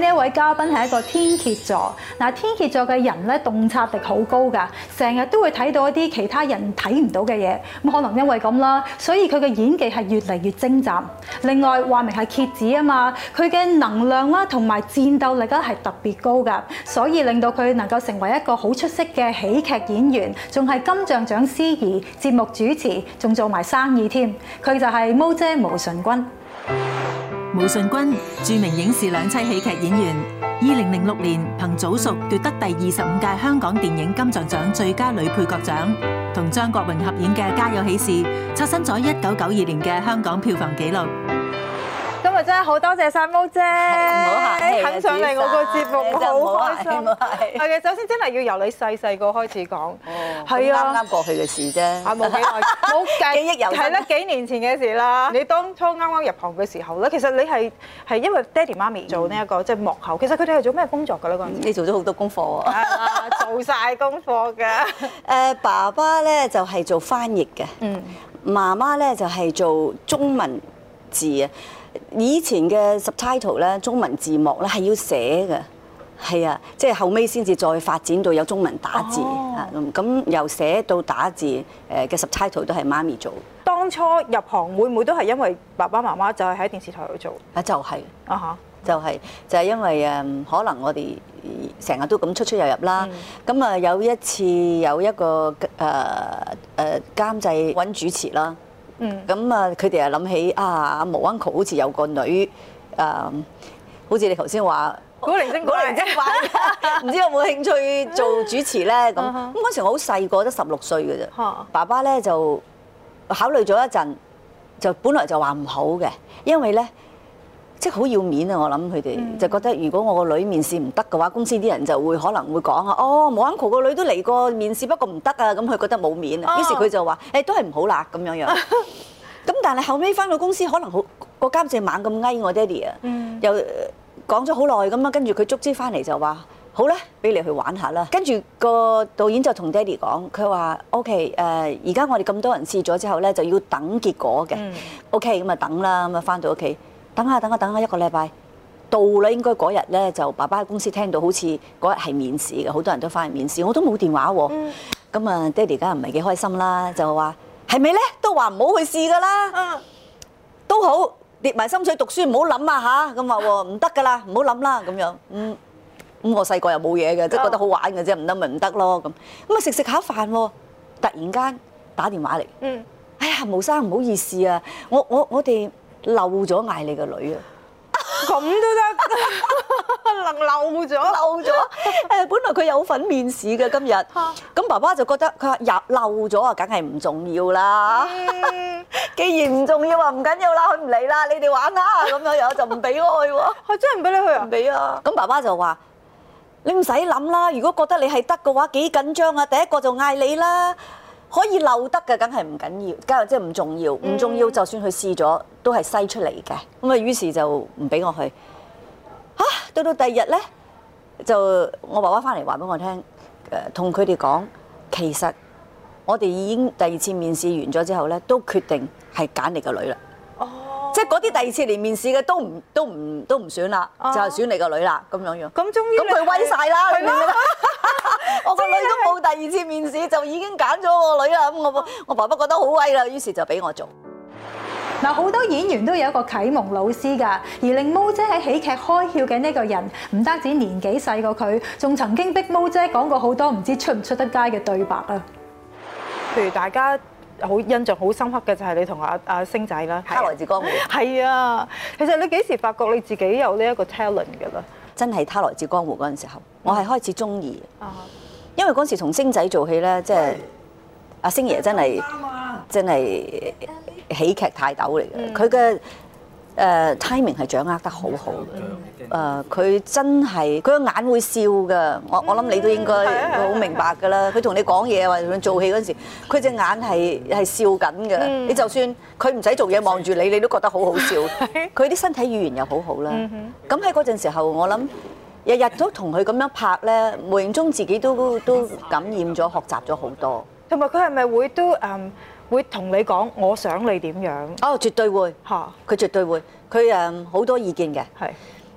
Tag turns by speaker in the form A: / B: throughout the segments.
A: 呢一位嘉賓係一個天蠍座，嗱，天蠍座嘅人咧，洞察力好高噶，成日都會睇到一啲其他人睇唔到嘅嘢，咁可能因為咁啦，所以佢嘅演技係越嚟越精湛。另外話明係蠍子啊嘛，佢嘅能量啦同埋戰鬥力咧，係特別高噶，所以令到佢能夠成為一個好出色嘅喜劇演員，仲係金像獎司儀、節目主持，仲做埋生意添。佢就係毛姐毛舜筠。毛舜筠，著名影視兩棲喜劇演員。二零零六年憑《早熟》奪得第二十五屆香港電影金像獎最佳女配角獎，同張國榮合演嘅《家有喜事》刷新咗一九九二年嘅香港票房紀錄。真係好多謝毛毛姐，肯上嚟我個節目，我好開心。係嘅，首先真係要由你細細個開始講，係啱啱過去嘅事啫。啊，冇幾耐，冇幾億有，係啦，幾年前嘅事啦。你當初啱啱入行嘅時候咧，其實你係係因為爹哋媽咪做呢一個即係幕後，其實佢哋係做咩工作㗎咧？嗰陣時你做咗好多功課啊，做曬功課㗎。
B: 誒，爸爸咧就係做翻譯嘅，媽媽咧就係做中文字啊。以前嘅 subtitle 咧，中文字幕咧係要寫嘅，係啊，即係後尾先至再發展到有中文打字啊，咁，咁、哦、由寫到打字嘅 subtitle 都係媽咪做。
A: 當初入行會唔會都係因為爸爸媽媽就係喺電視台度做？啊、
B: 就係，就係、嚇、啊就係就係因為誒可能我哋成日都咁出出入入啦。咁啊、嗯、有一次有一個誒誒監製揾主持啦。嗯，咁啊，佢哋又諗起啊，阿毛 uncle 好似有個女，誒、嗯，好似你頭先話，古靈精古靈精怪，唔 知有冇興趣做主持咧？咁咁嗰時我好細個，得十六歲嘅啫。Uh huh. 爸爸咧就考慮咗一陣，就本來就話唔好嘅，因為咧。即係好要面啊！我諗佢哋就覺得，如果我個女面試唔得嘅話，嗯、公司啲人就會可能會講、哦、啊。哦 Michael 個女都嚟過面試，不過唔得啊。咁佢覺得冇面，哦、於是佢就話：誒、欸、都係唔好啦咁樣樣。咁 但係後尾翻到公司，可能好個監製猛咁嗌我爹哋啊，嗯、又講咗好耐咁啊。跟住佢捉之翻嚟就話好啦，俾你去玩下啦。跟住個導演就同爹哋講，佢話：OK，而、呃、家我哋咁多人試咗之後咧，就要等結果嘅。嗯、OK，咁啊等啦。咁啊翻到屋企。等下，等下，等下，一個禮拜到啦。應該嗰日咧，就爸爸喺公司聽到，好似嗰日係面試嘅，好多人都翻嚟面試。我都冇電話喎。咁啊，爹哋梗係唔係幾開心啦？就話係咪咧？都話唔好去試噶啦。嗯，都好，跌埋心水讀書，唔好諗啊吓。咁話喎，唔得噶啦，唔好諗啦咁樣。嗯，咁我細個又冇嘢嘅，即係覺得好玩嘅啫，唔得咪唔得咯咁。咁啊，食食下飯喎，突然間打電話嚟。嗯，哎呀，毛生唔好意思啊，我我我哋。漏咗嗌你個女啊！咁都得，能漏咗？漏咗！誒，本來佢有份面試嘅今日，咁爸爸就覺得佢話入漏咗啊，梗係唔重要啦。既然唔重要啊，唔緊要啦，佢唔理啦，你哋玩啦咁樣，又就唔俾我去喎。佢真係唔俾你去啊？唔俾啊！咁爸爸就話：你唔使諗啦，如果覺得你係得嘅話，幾緊張啊！第一個就嗌你啦。可以漏得嘅，梗係唔緊要，梗係即係唔重要，唔重要、嗯、唔重要，就算佢試咗都係篩出嚟嘅。咁啊，於是就唔俾我去。嚇、啊！到到第二日咧，就我爸爸翻嚟話俾我聽，誒同佢哋講，其實我哋已經第二次面試完咗之後咧，都決定係揀你個女啦。哦。即係嗰啲第二次嚟面試嘅都唔都唔都唔選啦，啊、就係選你個女啦，咁樣樣。咁、嗯、終於。咁佢威晒啦！我個女。第二次面試就已經揀咗我女啦，咁我我爸爸覺得好威啦，於是就俾我做。
A: 嗱，好多演員都有一個啟蒙老師㗎，而令毛姐喺喜劇開竅嘅呢個人，唔單止年紀細過佢，仲曾經逼毛姐講過好多唔知出唔出得街嘅對白啊。譬如大家好印象好深刻嘅就係你同阿阿、啊、星仔啦，啊《他來自江湖》。係啊，其實你幾時發覺你
B: 自己有呢一個 talent 㗎咧？真係《他來自江湖》嗰陣時候，我係開始中意。啊。因為嗰時同星仔做戲咧，即係阿星爺真係真係喜劇泰斗嚟嘅，佢嘅誒、嗯呃、timing 係掌握得好好嘅。誒、嗯，佢、呃、真係佢個眼會笑嘅。我我諗你都應該好明白㗎啦。佢同你講嘢或者做戲嗰時，佢隻眼係係笑緊嘅。嗯、你就算佢唔使做嘢望住你，你都覺得好好笑。佢啲、嗯、身體語言又很好好啦。咁喺嗰陣時候，我諗。日日都同佢咁樣拍咧，無形中自己都都感染咗，學習咗好多。同埋佢係咪會都誒、嗯、會同你講我想你點樣？哦，絕對會嚇，佢、啊、絕對會，佢誒好多意見嘅，係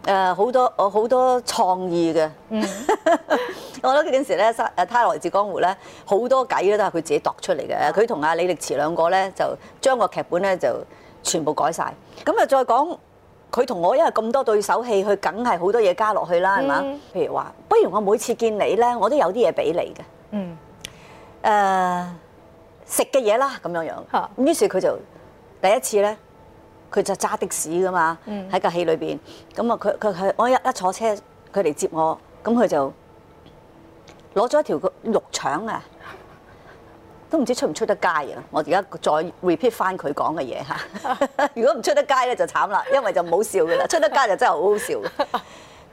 B: 誒好多我好、呃、多創意嘅。嗯、 我覺得嗰陣時咧，三他來自江湖咧，好多偈咧都係佢自己度出嚟嘅。佢同阿李力持兩個咧，就將個劇本咧就全部改晒。咁啊，再講。佢同我因為咁多對手戲，佢梗係好多嘢加落去啦，係嘛？嗯、譬如話，不如我每次見你咧，我都有啲嘢俾你嘅。嗯。誒、uh，食嘅嘢啦，咁樣樣。嚇。咁於是佢就第一次咧，佢就揸的士噶嘛，喺架、嗯、戲裏邊。咁啊，佢佢佢，我一一坐車，佢嚟接我，咁佢就攞咗一條肉腸啊！都唔知出唔出得街啊！我而家再 repeat 翻佢講嘅嘢嚇。如果唔出得街咧就慘啦，因為就唔好笑噶啦。出得街就真係好好笑。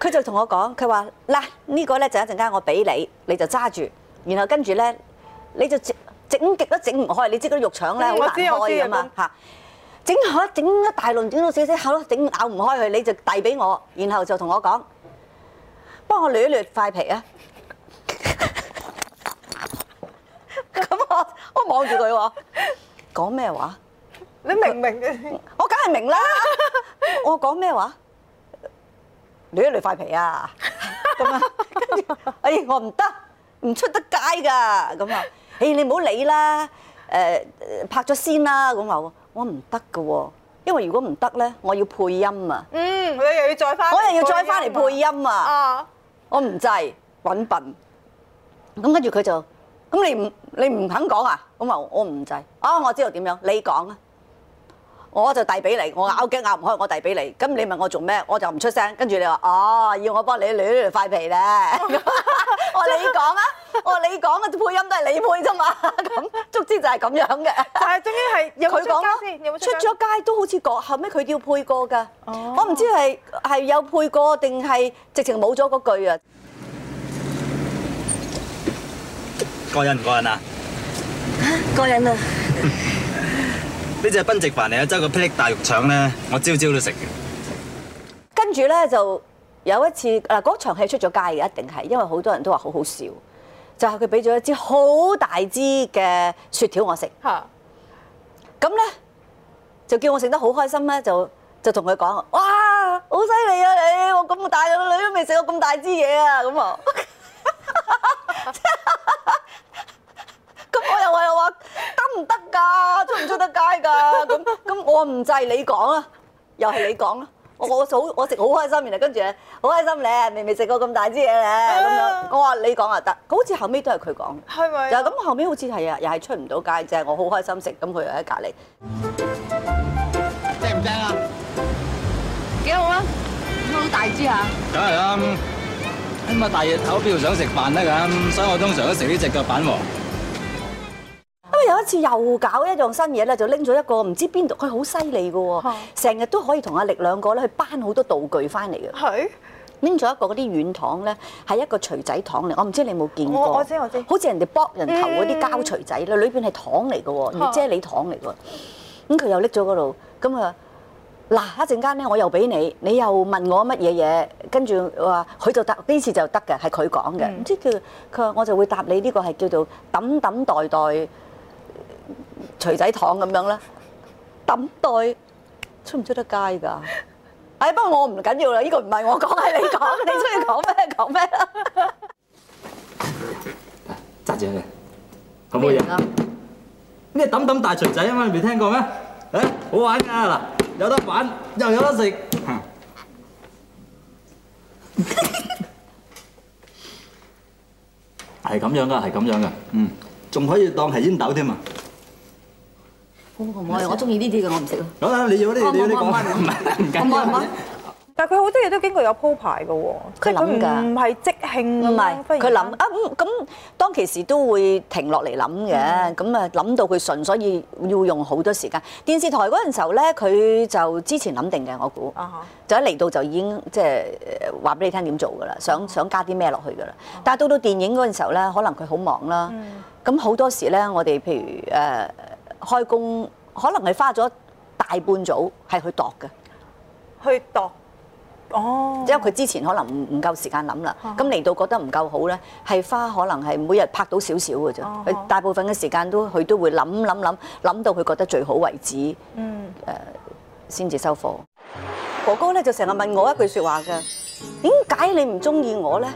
B: 佢就同我講，佢話嗱，呢個咧就一陣間我俾你，你就揸住，然後跟住咧你就整極都整唔開，你知嗰啲肉腸咧好難開噶嘛嚇。整下整，一大輪，整到死死後整咬唔開佢，你就遞俾我，然後就同我講，幫我捋一捋塊皮啊！我望住佢喎，講咩話？你明唔明嘅 我梗係明啦。我講咩話？攣一攣塊皮啊！咁啊，跟住，哎，我唔得，唔出得街㗎。咁啊，哎，你唔好理啦。誒，拍咗先啦。咁話我，我唔得嘅喎，因為如果唔得咧，我要配音啊。嗯，
A: 我又要再翻。啊、我又要再翻嚟配音啊！啊，
B: 我唔制，揾笨。咁、嗯、跟住佢就。咁你唔你唔肯講啊？咁啊我唔制，啊我知道點樣，你講啊，我就遞俾你。我咬頸咬唔開，我遞俾你。咁你問我做咩？我就唔出聲。跟住你話哦，要我幫你捋塊皮咧。我話你講啊，我話你講啊，配音都係你配啫嘛。咁足之就係咁樣嘅。係啊，終於係佢講咯。出咗街都好似講，後尾佢要配過㗎。我唔知係係有配過定係直情冇咗嗰句啊。過癮唔過癮啊？吓過癮啊！
A: 呢隻賓夕飯嚟啊，周個劈大肉腸咧，我朝朝都食嘅。
B: 跟住咧就有一次嗱，嗰場戲出咗街嘅，一定係，因為好多人都話好好笑。就係佢俾咗一支好大支嘅雪條我食嚇。咁咧就叫我食得好開心咧，就就同佢講：哇，好犀利啊你！我咁大個女都未食過咁大支嘢啊！咁啊。唔得噶，出唔出得街噶？咁咁我唔制，你講啊，又係你講啊。我我好我食好開心，然後跟住好開心咧，未未食過咁大支嘢咧。咁樣我話你講啊得，好似後尾都係佢講。係
A: 咪？就咁
B: 後尾好似係啊，又係出唔到街啫。我好開心食，咁佢又喺隔籬。
A: 正唔正啊？幾好啊！
B: 好大支啊。
A: 梗係啊，今日大熱頭，邊度想食飯得噶，所以我通常都食呢隻腳品喎。
B: 似又搞一樣新嘢咧，就拎咗一個唔知邊度，佢好犀利嘅，成日的都可以同阿力兩個咧去搬好多道具翻嚟嘅。係拎咗一個嗰啲軟糖咧，係一個錘仔糖嚟，我唔知你有冇見過。我，我知我知，好似人哋卜人頭嗰啲膠錘仔咧，裏邊係糖嚟嘅，啫喱的糖嚟嘅。咁、嗯、佢又拎咗嗰度，咁、嗯、啊嗱一陣間咧，我又俾你，你又問我乜嘢嘢，跟住話佢就得呢次就得嘅，係佢講嘅。唔、嗯、知叫佢話我就會答你呢個係叫做等等代代。錘仔糖咁樣咧，揼袋出唔出得街㗎？唉，不過我唔緊要啦，呢個唔係我講，係你講，你出去講咩講咩
A: 啦？揸住佢，咁冇嘢？咩揼揼大錘仔啊？嘛，你未聽過咩？啊，好玩㗎嗱，有得玩又有得食，係咁樣㗎，係咁樣㗎，嗯，仲可以當係煙斗添啊！我中意呢啲嘅，我唔識咯。講啦，你做啲
B: 你講唔係唔緊要。但係佢好多嘢都經過有鋪排嘅喎，佢諗㗎。唔係即興，唔係佢諗啊咁咁，當其時都會停落嚟諗嘅。咁啊諗到佢順，所以要用好多時間。電視台嗰陣時候咧，佢就之前諗定嘅，我估。就一嚟到就已經即係話俾你聽點做㗎啦，想想加啲咩落去㗎啦。但係到到電影嗰陣時候咧，可能佢好忙啦。咁好多時咧，我哋譬如誒。開工可能係花咗大半組係去度嘅，去度哦，因為佢之前可能唔唔夠時間諗啦，咁嚟、哦、到覺得唔夠好咧，係花可能係每日拍到少少嘅啫，哦、佢大部分嘅時間都佢都會諗諗諗諗到佢覺得最好為止，
A: 嗯，
B: 誒、呃，先至收貨。哥哥咧就成日問我一句說話嘅，點解、嗯、你唔中意我咧？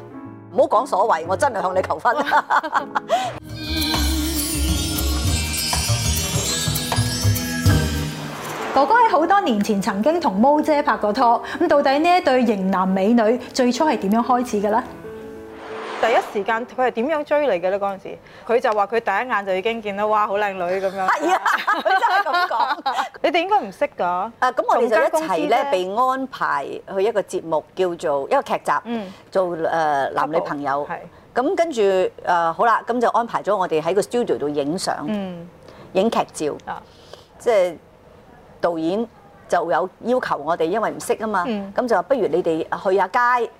B: 唔好講所謂，我真係向你求婚。哦
A: 哥哥喺好多年前曾經同毛姐拍過拖，咁到底呢一對型男美女最初係點樣開始嘅咧？第一時間佢係點樣追你嘅咧？嗰陣時佢就話佢第一眼就已經見到哇好靚女咁樣。係啊，佢真係咁講。你哋應該唔識㗎。啊，咁我哋就一齊咧被
B: 安排去一個節目，叫做一個劇集，嗯、做誒男女朋友。係。咁跟住誒、啊、好啦，咁就安排咗我哋喺個 studio 度影相，影、嗯、劇照，啊、即係。導演就有要求我哋，因為唔識啊嘛，咁、嗯、就話不如你哋去下街，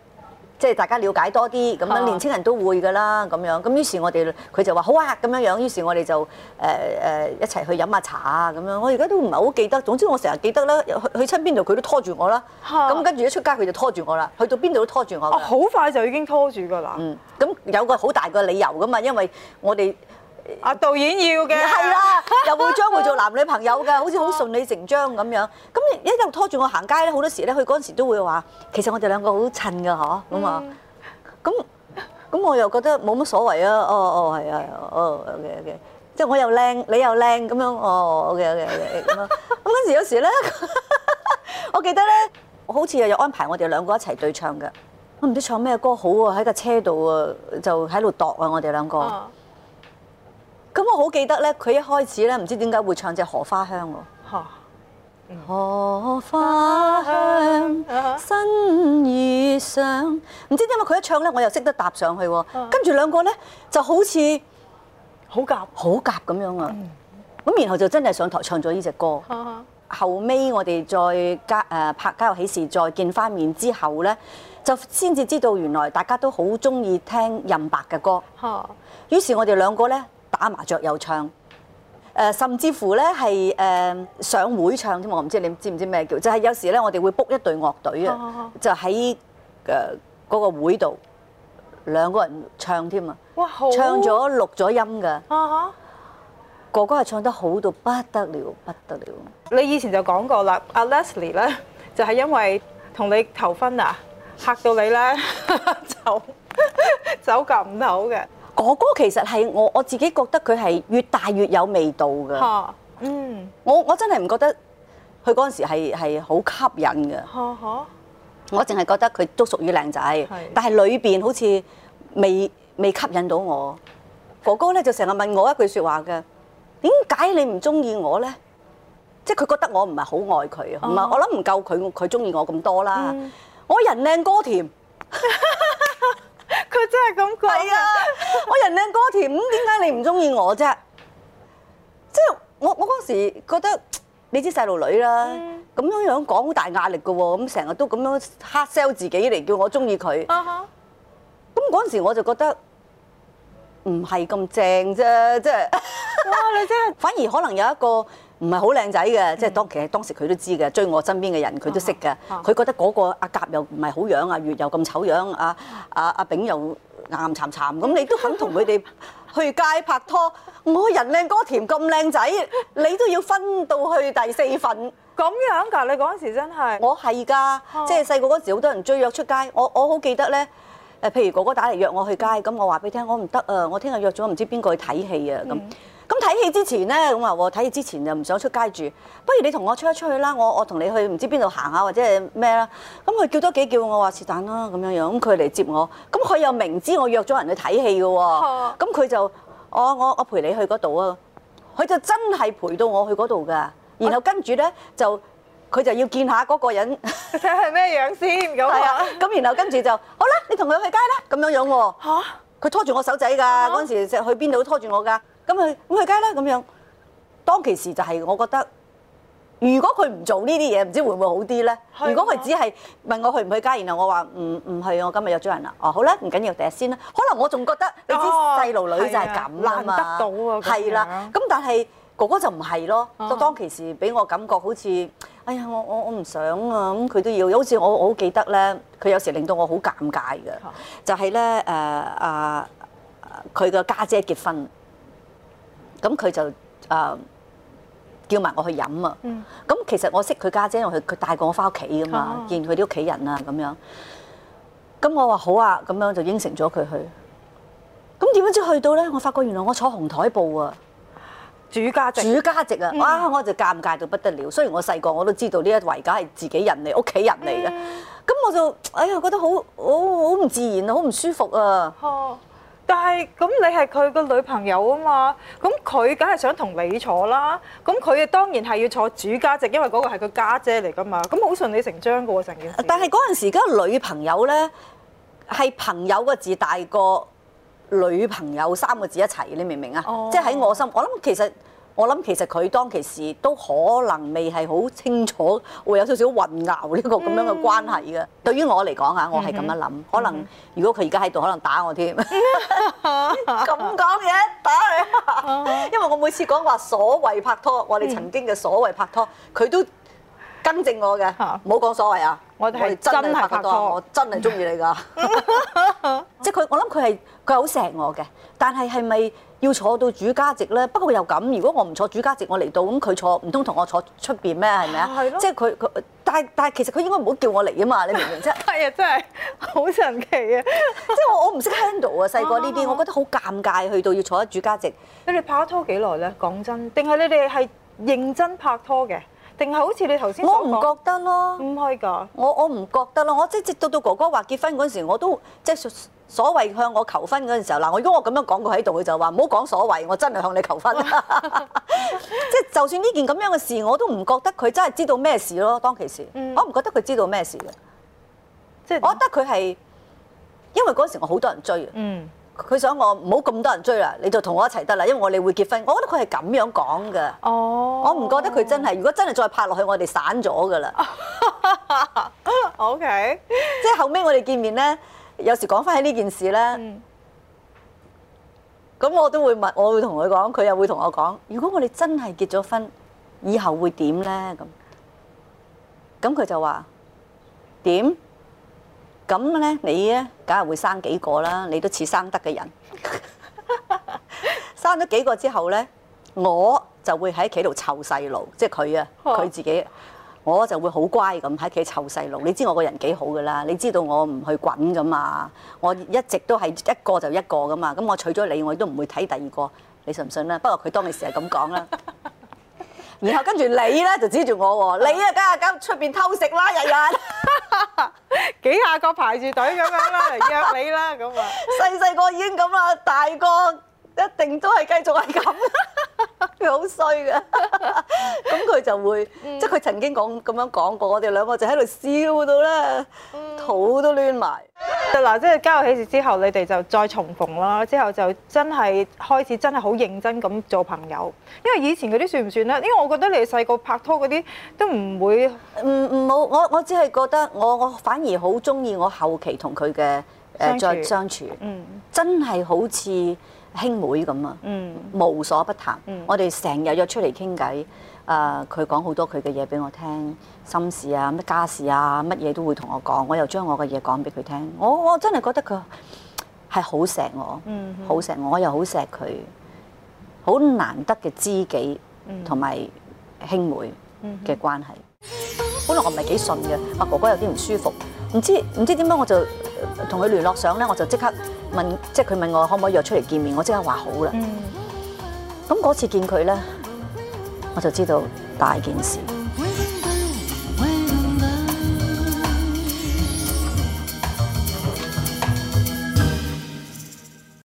B: 即係大家了解多啲，咁樣年輕是的 人都會噶啦，咁樣，咁於是我哋佢就話好啊，咁樣樣，於是我哋就，我就、呃呃、一齊去飲下茶啊，咁樣。我而家都唔係好記得，總之我成日記得啦。去去親邊度佢都拖住我啦，咁是的 跟住一出街佢就拖住我啦，去到邊度都拖住我。哦、啊，好快就已經拖住噶啦。咁有個好大個理由噶嘛，因為我哋啊導演要嘅。係啦，又會將。 做男女朋友㗎，好似好順理成章咁樣。咁一又拖住我行街咧，好多時咧，佢嗰陣時都會話：其實我哋兩個好襯㗎，嗬咁啊。咁咁我又覺得冇乜所謂啊，哦哦、啊。哦哦，係啊哦，ok ok，即係我又靚，你又靚咁樣。哦，ok ok ok 咁啊。咁嗰時有時咧， 我記得咧，好似又有安排我哋兩個一齊對唱㗎。我唔知唱咩歌好啊，喺架車度啊，就喺度度啊，我哋兩個。嗯咁我好記得咧，佢一開始咧，唔知點解會唱隻《荷花香》喎、啊。啊「嗯、荷花香，啊啊、新月上，唔知點解佢一唱咧，我又識得搭上去喎、啊。跟住、啊、兩個咧，就好似好夾好夾咁樣啊。咁、嗯、然後就真係上台唱咗呢隻歌。啊啊、後尾我哋再加、呃、拍《家有喜事》再見翻面之後咧，就先至知道原來大家都好中意聽任白嘅歌嚇。於、啊、是我哋兩個咧。打麻雀又唱，誒甚至乎咧係誒上會唱添，我唔知你知唔知咩叫？就係有時咧，我哋會 book 一隊樂隊啊，啊，啊，就喺誒嗰個會度兩個人唱添啊，
A: 啊，唱咗錄
B: 咗音噶。哥哥係唱得好到不得了，不得了。
A: 你以前就講過啦，阿 Leslie 咧就係因為同你求
B: 婚啊，嚇到你咧，就走咁唔到嘅。哥哥其實係我我自己覺得佢係越大越有味道㗎。嗯，我我真係唔覺得佢嗰陣時係係好吸引㗎。我淨係覺得佢都屬於靚仔，是但係裏邊好似未未吸引到我。哥哥咧就成日問我一句説話嘅，點解你唔中意我咧？即係佢覺得我唔係好愛佢，唔係、啊、我諗唔夠佢佢中意我咁多啦。嗯、我人靚歌甜。 佢真係咁貴啊！我人靚歌甜，咁點解你唔中意我啫？即係我我嗰時覺得你知細路女啦，咁、嗯、樣樣講好大壓力嘅喎，咁成日都咁樣 hard sell 自己嚟叫我中意佢。啊，咁嗰陣時我就覺得唔係咁正啫，即係你真反而可能有一個。唔係好靚仔嘅，即係當其係當時佢都知嘅，追我身邊嘅人佢都識嘅。佢、啊啊、覺得嗰個阿甲又唔係好樣，啊，阿月又咁醜樣，啊，阿阿炳又巖巖慘慘咁，你都肯同佢哋去街拍拖？ 我人靚歌甜咁靚仔， 你都要分到去第四份咁樣㗎、啊？你嗰陣時真係我係㗎，即係細個嗰時好多人追約出街。我我好記得咧，誒譬如哥哥打嚟約我去街，咁我話俾你聽我唔得啊，我聽日約咗唔知邊個去睇戲啊咁。咁睇戲之前咧，咁啊睇戲之前就唔想出街住，不如你同我出一出去啦。我我同你去唔知邊度行下或者咩啦。咁佢叫多幾個叫我話是但啦咁樣樣。咁佢嚟接我，咁佢又明知我約咗人去睇戲嘅喎。咁佢、啊、就我我我陪你去嗰度啊。佢就真係陪到我去嗰度㗎。然後跟住咧就佢就要見一下嗰個人，睇下咩樣先咁 啊。咁然後跟住就好啦，你同佢去街啦咁樣樣喎。佢、啊、拖住我手仔㗎嗰陣時去邊度拖住我㗎，去邊度拖住我㗎。咁佢咁去街咧咁樣，當其時就係我覺得，如果佢唔做呢啲嘢，唔知會唔會好啲咧？如果佢只係問我去唔去街，然後我話唔唔去，我今日約咗人啦。哦，好啦，唔緊要，第日先啦。可能我仲覺得你啲細路女就係咁啦嘛。得到喎，係啦。咁但係哥哥就唔係咯。當其時俾我感覺好似，哎呀，我我我唔想啊！咁佢都要，好似我我好記得咧，佢有時令到我好尷尬嘅，就係咧誒啊，佢嘅家姐結婚。咁佢就誒、呃、叫埋我去飲啊！咁、嗯、其實我識佢家姐，姐，佢佢帶過我翻屋企噶嘛，嗯、見佢啲屋企人啊咁樣。咁我話好啊，咁樣就應承咗佢去。咁點樣知去到咧？我發覺原來我坐紅台布啊，主家席主家席啊！嗯、哇，我就尷尬到不得了。雖然我細個我都知道呢一圍梗係自己人嚟，屋企人嚟嘅。咁、嗯、我就哎呀，覺得好好好唔自然啊，好唔舒服啊！嗯但係，咁
A: 你係佢個女朋友啊嘛？咁佢梗係想同你坐啦。咁佢啊當然係要坐主家席，因為嗰個係佢家姐嚟噶嘛。咁好順理成章噶喎，成件事。但係嗰陣時，
B: 嗰個女朋友咧係朋友個字大過女朋友三個字一齊，你明唔明啊？即係喺我心，我諗其實。我諗其實佢當其時都可能未係好清楚，會有少少混淆呢個咁樣嘅關係嘅。嗯、對於我嚟講嚇，我係咁樣諗。嗯、哼可能如果佢而家喺度，可能打我添。咁講嘢打你、啊，啊、因為我每次講話所謂拍拖，嗯、我哋曾經嘅所謂拍拖，佢都更正我嘅。唔好講所謂啊，謂啊我哋們真係拍拖，拍拖我真係中意你㗎。嗯即係佢，我諗佢係佢係好錫我嘅，但係係咪要坐到主家席咧？不過佢又咁，如果我唔坐主家席，我嚟到咁佢坐，唔通同我坐出邊咩？係咪啊？係咯是的。即係佢佢，但係但係其實佢應該唔好叫我嚟啊嘛！你明唔明啫？係啊， 真係好神奇啊！ 即係我我唔識 handle 啊，細個呢啲，我覺得好尷
A: 尬，去到要坐喺主家席。你哋拍拖幾耐咧？講真，定係你哋係認真
B: 拍拖嘅？定係好似你頭先講，我唔覺得咯，唔係噶。我我唔覺得咯，我即係直到到哥哥話結婚嗰陣時，我都即係所謂向我求婚嗰陣時候嗱，如果我咁樣講佢喺度，佢就話唔好講所謂，我真係向你求婚。即係 就算呢件咁樣嘅事，我都唔覺得佢真係知道咩事咯，當其時，嗯、我唔覺得佢知道咩事嘅。即係、就是、我覺得佢係因為嗰陣時我好多人追。嗯佢想我唔好咁多人追啦，你就同我一齊得啦，因為我哋會結婚。我覺得佢係咁樣講噶，oh. 我唔覺得佢真係。如果真係再拍落去，我哋散咗噶啦。 OK，即係後尾我哋見面咧，有時講翻起呢件事咧，咁、mm. 我都會問，我會同佢講，佢又會同我講，如果我哋真係結咗婚，以後會點咧？咁，咁佢就話點？咁咧，你咧梗係會生幾個啦？你都似生得嘅人， 生咗幾個之後咧，我就會喺屋企度湊細路，即係佢啊，佢 Okay. 自己，我就會好乖咁喺屋企湊細路。你知我個人幾好噶啦？你知道我唔去滾噶嘛？我一直都係一個就一個噶嘛。咁我娶咗你，我都唔會睇第二個，你信唔信咧？不過佢當時係咁講啦。 然後跟住你咧就指住我喎，你啊梗係咁出面偷食啦，日日 幾下個排住隊咁樣啦， 來約你啦咁啊，細細個已經咁啦，大個一定都係繼續係咁，佢好衰嘅，咁 佢就會、嗯、即係佢曾經講咁樣講過，我哋兩個就喺度笑到呢，嗯、肚都攣埋。
A: 嗱，即係交惡起事之後，你哋就再重逢啦。之後就真係開始，真係好認真咁做朋友。因為以前嗰啲算唔算咧？因為我覺得你細
B: 個拍拖嗰啲都唔會。唔唔、嗯、我我只係覺得我，我我反而好中意我後期同佢嘅誒相處。啊、相處嗯。真係好似兄妹咁啊！嗯。無所不談。嗯、我哋成日約出嚟傾偈。誒，佢講好多佢嘅嘢俾我聽，心事啊，乜家事啊，乜嘢都會同我講。我又將我嘅嘢講俾佢聽。我我真係覺得佢係好錫我，好錫、嗯、哼我，我又好錫佢，好難得嘅知己同埋兄妹嘅關係。本來、嗯、哼我唔係幾信嘅，阿哥哥有啲唔舒服，唔知唔知點解我就同佢聯絡上咧，我就即刻問，即係佢問我可唔可以約出嚟見面，我即刻話好啦。咁嗰、嗯、哼次見佢咧。我就知道大件事。